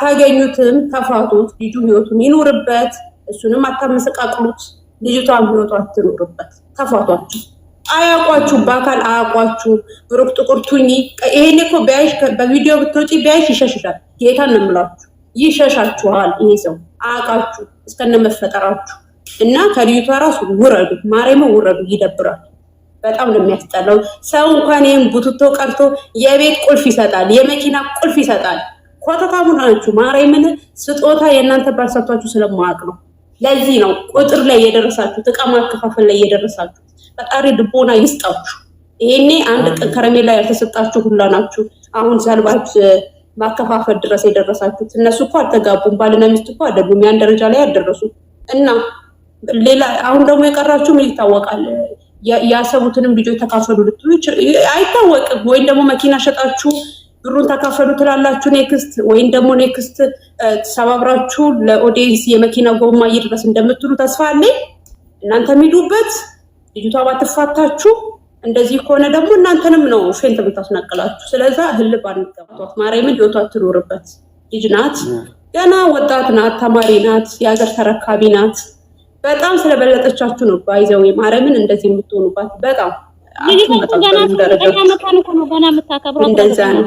አታገኙትም፣ ተፋቱት። ልጁ ህይወቱን ይኑርበት፣ እሱንም አታመሰቃቅሉት። ልጅቷን ህይወቱ አትኑርበት። ተፋቷችሁ። አያውቋችሁ፣ በአካል አያውቋችሁ። ብሩክ ጥቁር ቱኝ ይሄን እኮ ቢያይሽ በቪዲዮ ብትወጪ ቢያይሽ ይሸሽሻል። ጌታ እንምላችሁ ይሸሻችኋል። ይሄ ሰው አያውቃችሁ እስከነመፈጠራችሁ እና ከልዩቷ ራሱ ውረዱ፣ ማሬመ ውረዱ። ይደብራል። በጣም ነው የሚያስጠላው። ሰው እንኳን ይህም ቡትቶ ቀርቶ የቤት ቁልፍ ይሰጣል፣ የመኪና ቁልፍ ይሰጣል። ኮተታሙ ናችሁ። ማርያምን ስጦታ የእናንተ ባልሰጥቷችሁ ስለማያውቅ ነው። ለዚህ ነው ቁጥር ላይ እየደረሳችሁ እቃ ማከፋፈል ላይ የደረሳችሁ ፈጣሪ ልቦና ይስጣችሁ። ይሄኔ አንድ ቀን ከረሜላ ያልተሰጣችሁ ሁላ ናችሁ። አሁን ሰልባች ማከፋፈል ድረስ የደረሳችሁት። እነሱ እኮ አልተጋቡም፣ ባልና ሚስት እኮ አይደሉም። ያን ደረጃ ላይ ያደረሱ እና ሌላ አሁን ደግሞ የቀራችሁ ምን ይታወቃል? ያሰቡትንም ልጆች ተካፈሉ ልትሉ አይታወቅም። ወይም ደግሞ መኪና ሸጣችሁ ብሩን ተካፈሉ ትላላችሁ። ኔክስት ወይም ደግሞ ኔክስት ተሰባብራችሁ ለኦዲየንስ የመኪና ጎማ ይድረስ እንደምትሉ ተስፋ አለኝ። እናንተ የሚሉበት ልጅቷ ባትፋታችሁ፣ እንደዚህ ከሆነ ደግሞ እናንተንም ነው ፌንት የምታስነቅላችሁ። ስለዛ ህል ባንገባቷት፣ ማርያምን ህይወቷ ትኖርበት። ልጅ ናት፣ ገና ወጣት ናት፣ ተማሪ ናት፣ የሀገር ተረካቢ ናት። በጣም ስለበለጠቻችሁ ነው ባይዘው ማርያምን እንደዚህ የምትሆኑባት በጣም እንደዛ ነው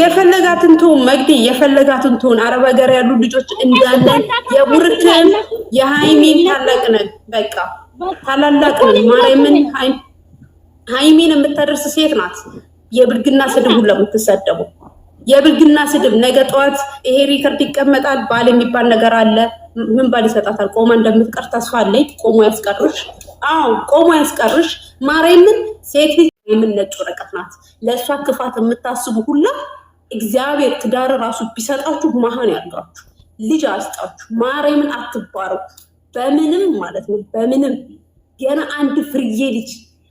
የፈለጋትን ትሁን መግዲ የፈለጋትን ትሁን አረብ ሀገር ያሉ ልጆች እንዳለ የቡርክን የሀይሚን ታላቅ ነን በቃ ታላላቅ ነን ማርያምን ሀይሚን የምታደርስ ሴት ናት የብልግና ስድብ ሁሉ ለምትሰደቡ የብልግና ስድብ ነገ ጠዋት ይሄ ሪከርድ ይቀመጣል ባል የሚባል ነገር አለ ምን ባል ይሰጣታል ቆማ እንደምትቀር ተስፋ አለኝ ቆሞ ያስቀርሽ አዎ ቆሞ ያስቀርሽ ማርያምን። ሴት የምን ወረቀት ናት። ለእሷ ክፋት የምታስቡ ሁላ እግዚአብሔር ትዳር ራሱ ቢሰጣችሁ መሀን ያድርጋችሁ፣ ልጅ አስጣችሁ። ማርያምን አትባረው በምንም ማለት ነው በምንም ገና አንድ ፍርዬ ልጅ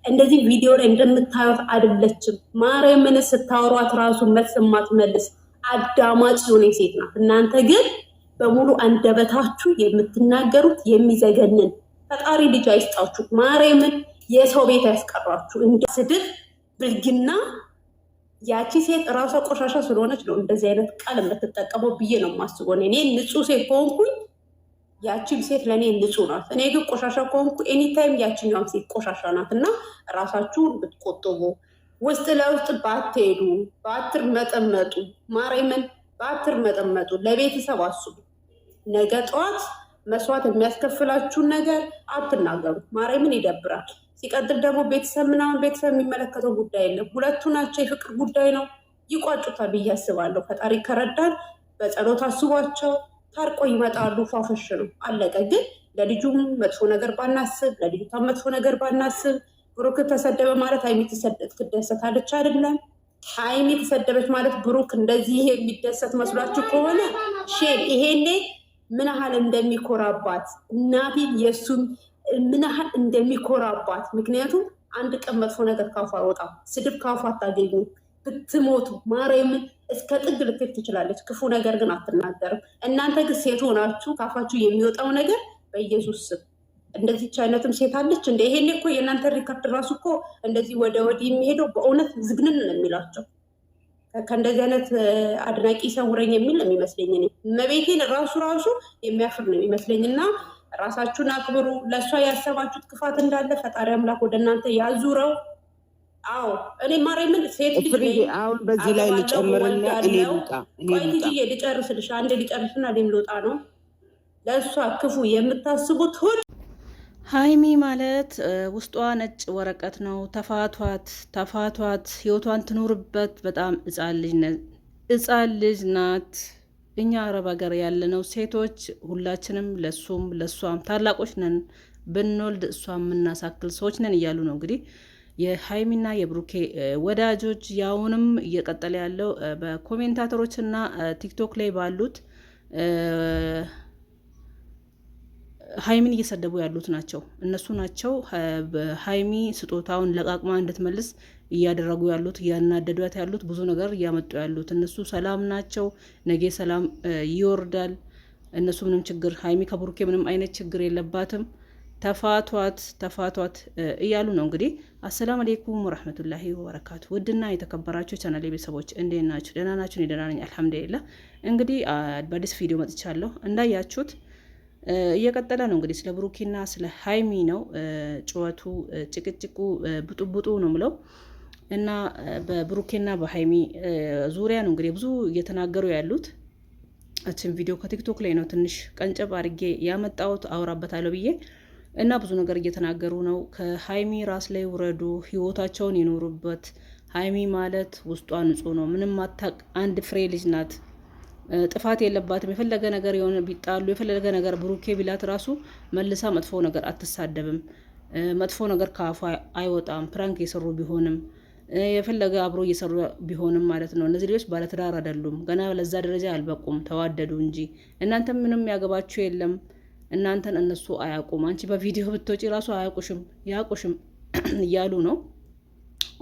እንደዚህ ቪዲዮ ላይ እንደምታዩት አይደለችም። ማርያምን ስታወሯት ራሱ መልስ የማትመልስ አዳማጭ የሆነ ሴት ናት። እናንተ ግን በሙሉ አንደበታችሁ የምትናገሩት የሚዘገንን ፈጣሪ ልጅ አይስጣችሁ፣ ማርያምን የሰው ቤት አያስቀራችሁ። እንደ ስድብ ብልግና ያቺ ሴት እራሷ ቆሻሻ ስለሆነች ነው እንደዚህ አይነት ቃል የምትጠቀመው ብዬ ነው የማስበው። እኔ ንጹህ ሴት ከሆንኩኝ ያቺም ሴት ለእኔ ንጹህ ናት። እኔ ግን ቆሻሻ ከሆንኩ ኤኒታይም ያችኛውም ሴት ቆሻሻ ናት። እና ራሳችሁን ብትቆጥቡ፣ ውስጥ ለውስጥ ባትሄዱ፣ በአትር መጠመጡ ማርያምን በአትር መጠመጡ፣ ለቤተሰብ አስቡ ነገ ጠዋት መስዋዕት የሚያስከፍላችሁን ነገር አትናገሩ። ማርያምን ይደብራል። ሲቀጥል ደግሞ ቤተሰብ ምናምን ቤተሰብ የሚመለከተው ጉዳይ የለም። ሁለቱ ናቸው፣ የፍቅር ጉዳይ ነው። ይቋጩታል ብዬ አስባለሁ። ፈጣሪ ከረዳን በጸሎት አስቧቸው ታርቆ ይመጣሉ። ፏፈሽ ነው አለቀ። ግን ለልጁም መጥፎ ነገር ባናስብ፣ ለልጅቷ መጥፎ ነገር ባናስብ። ብሩክ ተሰደበ ማለት ሀይሚ ትደሰታለች አይደለም። ሀይሚ ተሰደበች ማለት ብሩክ እንደዚህ የሚደሰት መስሏችሁ ከሆነ ሼል ይሄኔ ምን ያህል እንደሚኮራባት እናቴ የእሱም ምን ያህል እንደሚኮራባት። ምክንያቱም አንድ ቀን መጥፎ ነገር ካፉ አይወጣም። ስድብ ካፉ አታገኙ። ብትሞቱ ማርያምን እስከ ጥግ ልክት ትችላለች። ክፉ ነገር ግን አትናገርም። እናንተ ግን ሴት ሆናችሁ ካፋችሁ የሚወጣው ነገር በኢየሱስ ስም እንደዚች አይነትም ሴት አለች እንደ ይሄኔ እኮ የእናንተ ሪከርድ ራሱ እኮ እንደዚህ ወደ ወዲህ የሚሄደው በእውነት ዝግንን ነው የሚላቸው። ከእንደዚህ አይነት አድናቂ ሰውረኝ የሚል ነው የሚመስለኝ። እኔ መቤቴን ራሱ ራሱ የሚያፍር ነው የሚመስለኝ። እና ራሳችሁን አክብሩ። ለእሷ ያሰባችሁት ክፋት እንዳለ ፈጣሪ አምላክ ወደ እናንተ ያዙረው። አዎ እኔ ማርያምን ሴት ልጅ አሁን በዚህ ላይ ልጨምርና እኔ ልውጣ ልጨርስልሽ፣ አንዴ ልጨርስና እኔም ልውጣ ነው። ለእሷ ክፉ የምታስቡት ሁሉ ሀይሚ ማለት ውስጧ ነጭ ወረቀት ነው። ተፋቷት፣ ተፋቷት፣ ህይወቷን ትኑርበት። በጣም ህጻን ልጅ ናት። እኛ አረብ ሀገር ያለነው ሴቶች ሁላችንም ለሱም ለሷም ታላቆች ነን። ብንወልድ እሷ የምናሳክል ሰዎች ነን እያሉ ነው እንግዲህ የሀይሚና የብሩኬ ወዳጆች። ያውንም እየቀጠለ ያለው በኮሜንታተሮችና ቲክቶክ ላይ ባሉት ሀይሚን እየሰደቡ ያሉት ናቸው እነሱ ናቸው። ሀይሚ ስጦታውን ለቃቅማ እንድትመልስ እያደረጉ ያሉት እያናደዷት ያሉት ብዙ ነገር እያመጡ ያሉት እነሱ ሰላም ናቸው። ነገ ሰላም ይወርዳል። እነሱ ምንም ችግር ሀይሚ ከብሩኬ ምንም አይነት ችግር የለባትም። ተፋቷት ተፋቷት እያሉ ነው እንግዲህ። አሰላም አሌይኩም ወረህመቱላሂ ወበረካቱ። ውድና የተከበራችሁ ቻናል ቤተሰቦች እንዴት ናችሁ? ደህና ናችሁ? ደህና ነኝ አልሐምዱሊላህ። እንግዲህ በአዲስ ቪዲዮ መጥቻለሁ እንዳያችሁት እየቀጠለ ነው እንግዲህ ስለ ብሩኪና ስለ ሀይሚ ነው ጩኸቱ፣ ጭቅጭቁ፣ ብጡብጡ ነው ምለው እና በብሩኬና በሀይሚ ዙሪያ ነው እንግዲህ ብዙ እየተናገሩ ያሉት። እችን ቪዲዮ ከቲክቶክ ላይ ነው ትንሽ ቀንጨብ አድርጌ ያመጣሁት አውራበታለሁ ብዬ እና ብዙ ነገር እየተናገሩ ነው። ከሀይሚ ራስ ላይ ውረዱ፣ ህይወታቸውን ይኖሩበት። ሀይሚ ማለት ውስጧ ንጹህ ነው፣ ምንም አታቅ አንድ ፍሬ ልጅ ናት። ጥፋት የለባትም። የፈለገ ነገር የሆነ ቢጣሉ የፈለገ ነገር ብሩኬ ቢላት ራሱ መልሳ መጥፎ ነገር አትሳደብም። መጥፎ ነገር ከአፏ አይወጣም። ፕራንክ የሰሩ ቢሆንም የፈለገ አብሮ እየሰሩ ቢሆንም ማለት ነው። እነዚህ ልጆች ባለትዳር አይደሉም፣ ገና ለዛ ደረጃ አልበቁም። ተዋደዱ እንጂ እናንተ ምንም ያገባችሁ የለም። እናንተን እነሱ አያውቁም። አንቺ በቪዲዮ ብትወጪ ራሱ አያውቁሽም፣ ያውቁሽም እያሉ ነው።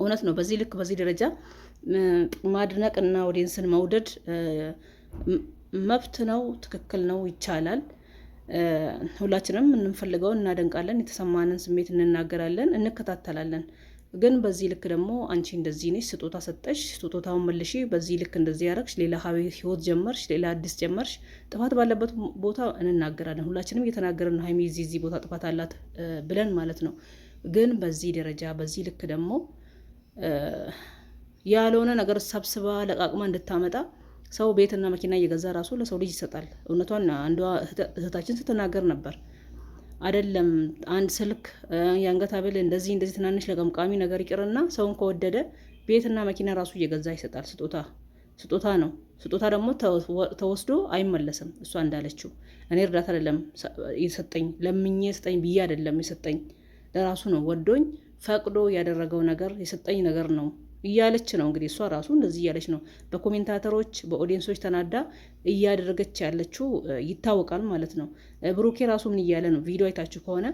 እውነት ነው። በዚህ ልክ በዚህ ደረጃ ማድነቅ እና ወዴንስን መውደድ መብት ነው፣ ትክክል ነው፣ ይቻላል። ሁላችንም እንፈልገው እናደንቃለን፣ የተሰማንን ስሜት እንናገራለን፣ እንከታተላለን። ግን በዚህ ልክ ደግሞ አንቺ እንደዚህ ነሽ፣ ስጦታ ሰጠሽ፣ ስጦታውን መልሺ፣ በዚህ ልክ እንደዚህ ያረግሽ፣ ሌላ ህይወት ጀመርሽ፣ ሌላ አዲስ ጀመርሽ፣ ጥፋት ባለበት ቦታ እንናገራለን። ሁላችንም እየተናገረ ነው፣ ሀይሚ እዚህ እዚህ ቦታ ጥፋት አላት ብለን ማለት ነው። ግን በዚህ ደረጃ በዚህ ልክ ደግሞ ያልሆነ ነገር ሰብስባ ለቃቅማ እንድታመጣ ሰው ቤትና መኪና እየገዛ ራሱ ለሰው ልጅ ይሰጣል። እውነቷን አንዷ እህታችን ስትናገር ነበር። አይደለም አንድ ስልክ፣ የአንገት ሀብል፣ እንደዚህ እንደዚህ ትናንሽ ለቀምቃሚ ነገር ይቅርና ሰውን ከወደደ ቤትና መኪና ራሱ እየገዛ ይሰጣል። ስጦታ ስጦታ ነው። ስጦታ ደግሞ ተወስዶ አይመለስም። እሷ እንዳለችው እኔ እርዳታ አይደለም የሰጠኝ ለምኜ የሰጠኝ ብዬ አይደለም የሰጠኝ ለራሱ ነው። ወዶኝ ፈቅዶ ያደረገው ነገር የሰጠኝ ነገር ነው እያለች ነው እንግዲህ እሷ ራሱ እንደዚህ እያለች ነው በኮሜንታተሮች በኦዲየንሶች ተናዳ እያደረገች ያለችው ይታወቃል ማለት ነው። ብሩኬ ራሱ ምን እያለ ነው? ቪዲዮ አይታችሁ ከሆነ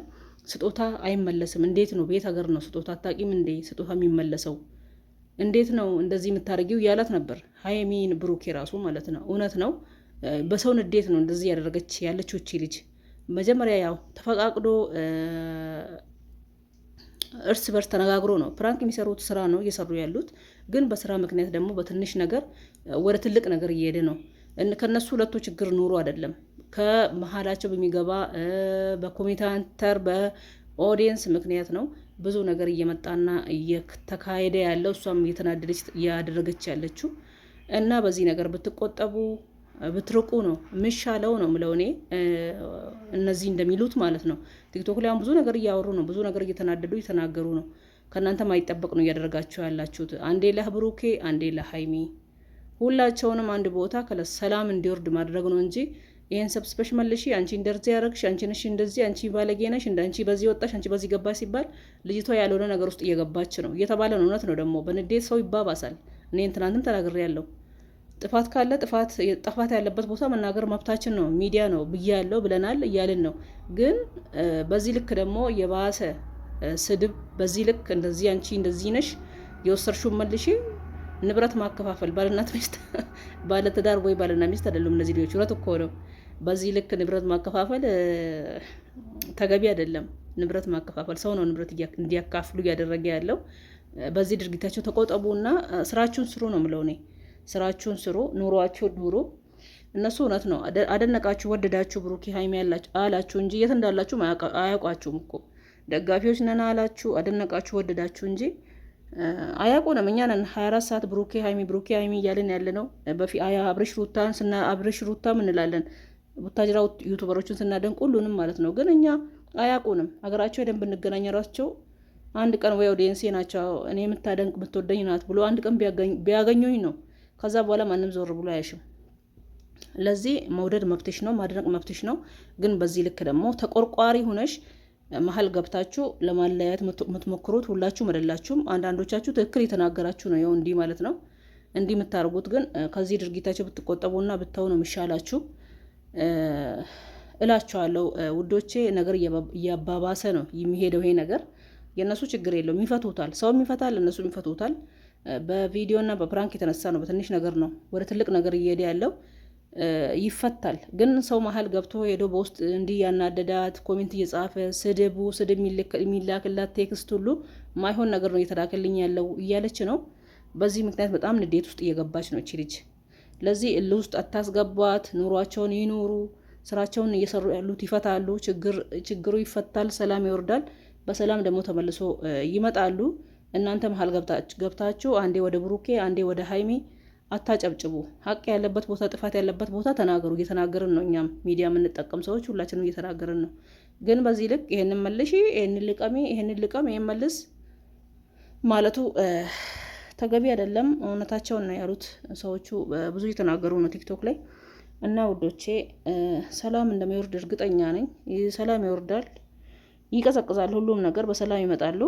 ስጦታ አይመለስም። እንዴት ነው ቤት ሀገር ነው ስጦታ አታቂም እንዴ? ስጦታ የሚመለሰው እንዴት ነው እንደዚህ የምታደርጊው? እያላት ነበር ሀይሚን ብሩኬ ራሱ ማለት ነው። እውነት ነው፣ በሰውን እንዴት ነው እንደዚህ ያደረገች ያለችው እቺ ልጅ። መጀመሪያ ያው ተፈቃቅዶ እርስ በርስ ተነጋግሮ ነው ፕራንክ የሚሰሩት ስራ ነው እየሰሩ ያሉት። ግን በስራ ምክንያት ደግሞ በትንሽ ነገር ወደ ትልቅ ነገር እየሄደ ነው። ከነሱ ሁለቱ ችግር ኑሮ አይደለም ከመሀላቸው በሚገባ በኮሜንታተር በኦዲየንስ ምክንያት ነው ብዙ ነገር እየመጣና እየተካሄደ ያለው እሷም እየተናደደች እያደረገች ያለችው እና በዚህ ነገር ብትቆጠቡ ብትርቁ ነው የሚሻለው ነው ምለው እኔ እነዚህ እንደሚሉት ማለት ነው። ቲክቶክ ላይ ብዙ ነገር እያወሩ ነው፣ ብዙ ነገር እየተናደዱ እየተናገሩ ነው። ከእናንተ ማይጠበቅ ነው እያደረጋችሁ ያላችሁት። አንዴ ለብሩኬ፣ አንዴ ለሀይሚ፣ ሁላቸውንም አንድ ቦታ ሰላም እንዲወርድ ማድረግ ነው እንጂ ይህን ሰብስበሽ መልሺ፣ አንቺ እንደዚህ ያደረግሽ፣ አንቺ ነሽ እንደዚህ፣ አንቺ ባለጌ ነሽ፣ አንቺ በዚህ ወጣሽ፣ አንቺ በዚህ ገባ ሲባል ልጅቷ ያልሆነ ነገር ውስጥ እየገባች ነው እየተባለ ነው። እውነት ነው ደግሞ በንዴት ሰው ይባባሳል። እኔን ትናንትም ተናግሬ ያለው ጥፋት ካለ ጥፋት ጥፋት ያለበት ቦታ መናገር መብታችን ነው። ሚዲያ ነው ብዬ ያለው ብለናል እያልን ነው። ግን በዚህ ልክ ደግሞ የባሰ ስድብ በዚህ ልክ እንደዚህ አንቺ እንደዚህ ነሽ የወሰድሽው መልሽ ንብረት ማከፋፈል ባልናት ሚስት ባለትዳር ወይ ባልና ሚስት አይደለም እነዚህ ልጆች። እውነት እኮ ነው። በዚህ ልክ ንብረት ማከፋፈል ተገቢ አይደለም። ንብረት ማከፋፈል ሰው ነው ንብረት እንዲያካፍሉ እያደረገ ያለው። በዚህ ድርጊታቸው ተቆጠቡና ስራችሁን ስሩ ነው ምለው እኔ ስራችሁን ስሩ፣ ኑሯችሁ ኑሩ። እነሱ እውነት ነው አደነቃችሁ፣ ወደዳችሁ፣ ብሩኪ ሀይሚ አላችሁ እንጂ የት እንዳላችሁ አያውቋችሁም እኮ ደጋፊዎች ነን አላችሁ፣ አደነቃችሁ፣ ወደዳችሁ እንጂ አያውቁንም። እኛ ነን አራት ሰዓት ብሩኬ ሀይሚ ብሩኬ ሀይሚ እያለን ያለ ነው። በፊት አብርሽ ሩታን ስና አብርሽ ሩታም እንላለን ቡታጅራ ዩቱበሮችን ስናደንቅ ሁሉንም ማለት ነው። ግን እኛ አያውቁንም። ሀገራቸው የደንብ እንገናኝ ራቸው አንድ ቀን ወይ ኦዲየንሴ ናቸው እኔ የምታደንቅ የምትወደኝ ናት ብሎ አንድ ቀን ቢያገኙኝ ነው ከዛ በኋላ ማንም ዞር ብሎ አያሽም። ለዚህ መውደድ መብትሽ ነው፣ ማድነቅ መብትሽ ነው። ግን በዚህ ልክ ደግሞ ተቆርቋሪ ሁነሽ መሀል ገብታችሁ ለማለያየት የምትሞክሩት ሁላችሁም አይደላችሁም። አንዳንዶቻችሁ ትክክል የተናገራችሁ ነው፣ ያው እንዲህ ማለት ነው። እንዲህ የምታደርጉት ግን ከዚህ ድርጊታቸው ብትቆጠቡና ብታው ነው የሚሻላችሁ እላችኋለሁ ውዶቼ። ነገር እያባባሰ ነው የሚሄደው ይሄ ነገር። የእነሱ ችግር የለውም፣ ይፈቱታል። ሰውም ይፈታል፣ እነሱም ይፈቱታል። በቪዲዮ ና በፕራንክ የተነሳ ነው። በትንሽ ነገር ነው ወደ ትልቅ ነገር እየሄደ ያለው ይፈታል። ግን ሰው መሀል ገብቶ ሄዶ በውስጥ እንዲህ ያናደዳት ኮሜንት እየጻፈ ስድቡ ስድብ የሚላክላት ቴክስት ሁሉ ማይሆን ነገር ነው እየተላከልኝ ያለው እያለች ነው። በዚህ ምክንያት በጣም ንዴት ውስጥ እየገባች ነው እቺ ልጅ። ለዚህ እልህ ውስጥ አታስገቧት። ኑሯቸውን ይኑሩ። ስራቸውን እየሰሩ ያሉት ይፈታሉ። ችግሩ ይፈታል፣ ሰላም ይወርዳል። በሰላም ደግሞ ተመልሶ ይመጣሉ። እናንተ መሀል ገብታችሁ አንዴ ወደ ብሩኬ አንዴ ወደ ሀይሚ አታጨብጭቡ። ሀቅ ያለበት ቦታ፣ ጥፋት ያለበት ቦታ ተናገሩ። እየተናገርን ነው። እኛም ሚዲያ የምንጠቀም ሰዎች ሁላችንም እየተናገርን ነው። ግን በዚህ ልክ ይህንን መልሽ ይህንን ልቀሚ፣ ይህንን ልቀም፣ ይህን መልስ ማለቱ ተገቢ አይደለም። እውነታቸውን ነው ያሉት ሰዎቹ ብዙ እየተናገሩ ነው ቲክቶክ ላይ እና ውዶቼ ሰላም እንደሚወርድ እርግጠኛ ነኝ። ሰላም ይወርዳል፣ ይቀዘቅዛል፣ ሁሉም ነገር በሰላም ይመጣሉ።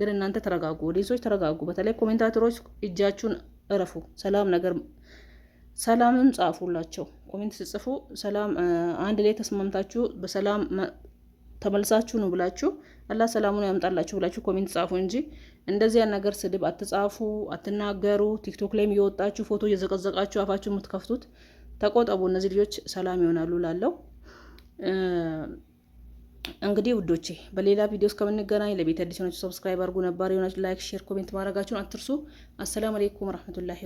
ግን እናንተ ተረጋጉ፣ ሌሶች ተረጋጉ። በተለይ ኮሜንታተሮች እጃችሁን እረፉ። ሰላም ነገር ሰላምም ጻፉላቸው። ኮሜንት ስጽፉ ሰላም አንድ ላይ ተስማምታችሁ በሰላም ተመልሳችሁ ነው ብላችሁ አላህ ሰላሙን ያምጣላችሁ ብላችሁ ኮሜንት ጻፉ እንጂ እንደዚያ ነገር ስድብ አትጻፉ፣ አትናገሩ። ቲክቶክ ላይም እየወጣችሁ ፎቶ እየዘቀዘቃችሁ አፋችሁ የምትከፍቱት ተቆጠቡ። እነዚህ ልጆች ሰላም ይሆናሉ ላለው እንግዲህ ውዶቼ በሌላ ቪዲዮ እስከምንገናኝ ለቤት አዲስ የሆናችሁ ሰብስክራይብ አድርጉ፣ ነባር የሆናችሁ ላይክ፣ ሼር፣ ኮሜንት ማድረጋችሁን አትርሱ። አሰላሙ አሌይኩም ረህመቱላሂ